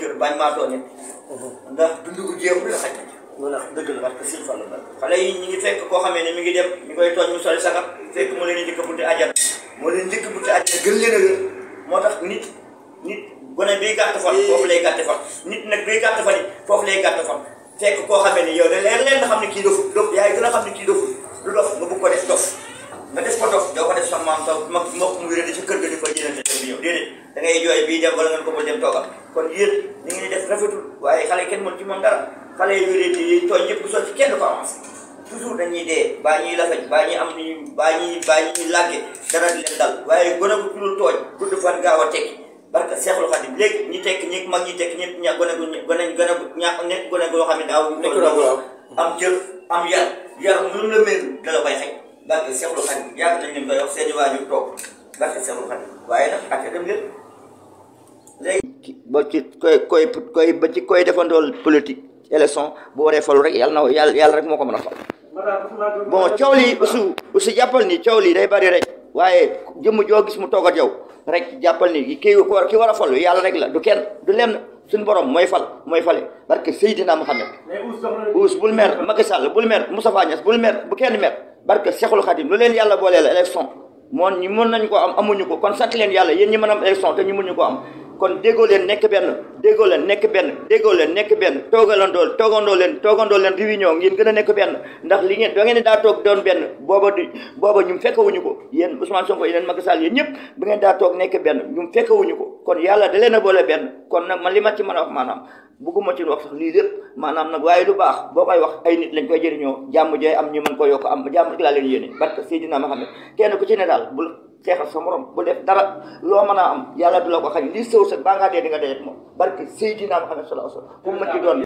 cër bañ maa tooñe uh-huh. ndax dund gu jeexul la xaj na ci mu ndax dëgg la parce que sin fàllu la xale yi ñu ngi fekk koo xamee ne mi ngi dem ñu koy tooñ mu soli sakat fekk mu leen njëkk bunti ajjana moo leen njëkk bunti ajjana gën leen a gën moo tax nit nit gone bii gàtt fan foofu lay gàtt fan nit nag bii gàtt fan foofu lay gàtt fan fekk koo xamee ne yow da leer leen nga xam ne kii dofu dof yaay gën a xam ne kii dofu lu dof nga bëgg ko def dof nga def ko dof doo ko def sax maam sax mag mokk mu wéré di ci kër ga di fa jëlante bi ñëw déedéet da ngay jooy bii dem wala nga ko ba dem toogal kon yéen ni ngeen di def rafetul waaye xale kenn mën ci moom dara xale yi wérété yi tooñ sotti kenn du ko avancé toujours dañuy dee baa ñuy lafañ baa ñuy am ni baa ñuy baa ñuy làgge dara di dal waaye gone gu dul tooñ gudd fan gaaw a tekki barka Seexul Xadim léegi ñi tekk ñi mag ñi tekk ñëpp ña gone gu gone gone gu ña nekk gone goo xam ne daaw am jël am yar yar lu la mel da la koy xëy barka Seexul Xadim yàgg nañ leen koy wax seen i waajur toog barka Seexul ba ci koy koy koy ba ci koy defandool politique élection bu waree falu rek yàlla na yàlla yàlla rek moo ko mën a fal bon coow lii aussi aussi jàppal ni coow lii day bari rek waaye jëmm joo gis mu toog ak yow rek jàppal ni kii war ki a falu yàlla rek la du kenn du lenn suñu borom mooy fal mooy fale barke Seydina Muhammad uus bul mer Macky Sall bul mer Moustapha Niass bul mer bu kenn mer barke Cheikhul Khadim lu leen yàlla boolee la moon ñu mën nañ ko am amuñu ko kon sant leen yàlla yéen ko kon déggoo leen nekk benn déggoo leen nekk benn déggoo leen nekk benn toogalandoo toogandoo leen toogandoo leen réunion ngeen gën a nekk benn ndax li ngeen da ngeen daa toog doon benn booba di booba ñu fekkewuñu ko yéen Ousmane Sonko yéen Macky Sall yéen ñëpp bu ngeen daa toog nekk benn ñu fekkewuñu ko kon yàlla da leen a boole benn kon nag man li ma ci man a wax maanaam bugguma ci wax sax lii lépp maanaam nag waaye lu baax boo koy wax ay nit lañ koy jëriñoo jàmm jooy am ñu mën ko yokk am jàmm rek laa leen yéene barke Seydina Muhammad kenn ku ci ne daal bul xeexal sa bu def dara loo mën a am yàlla du la ko xañ lii sëw sa baa ngaa dee di nga dee moom barke Seydina Muhammad sallallahu alayhi wasallam ku mën ci doon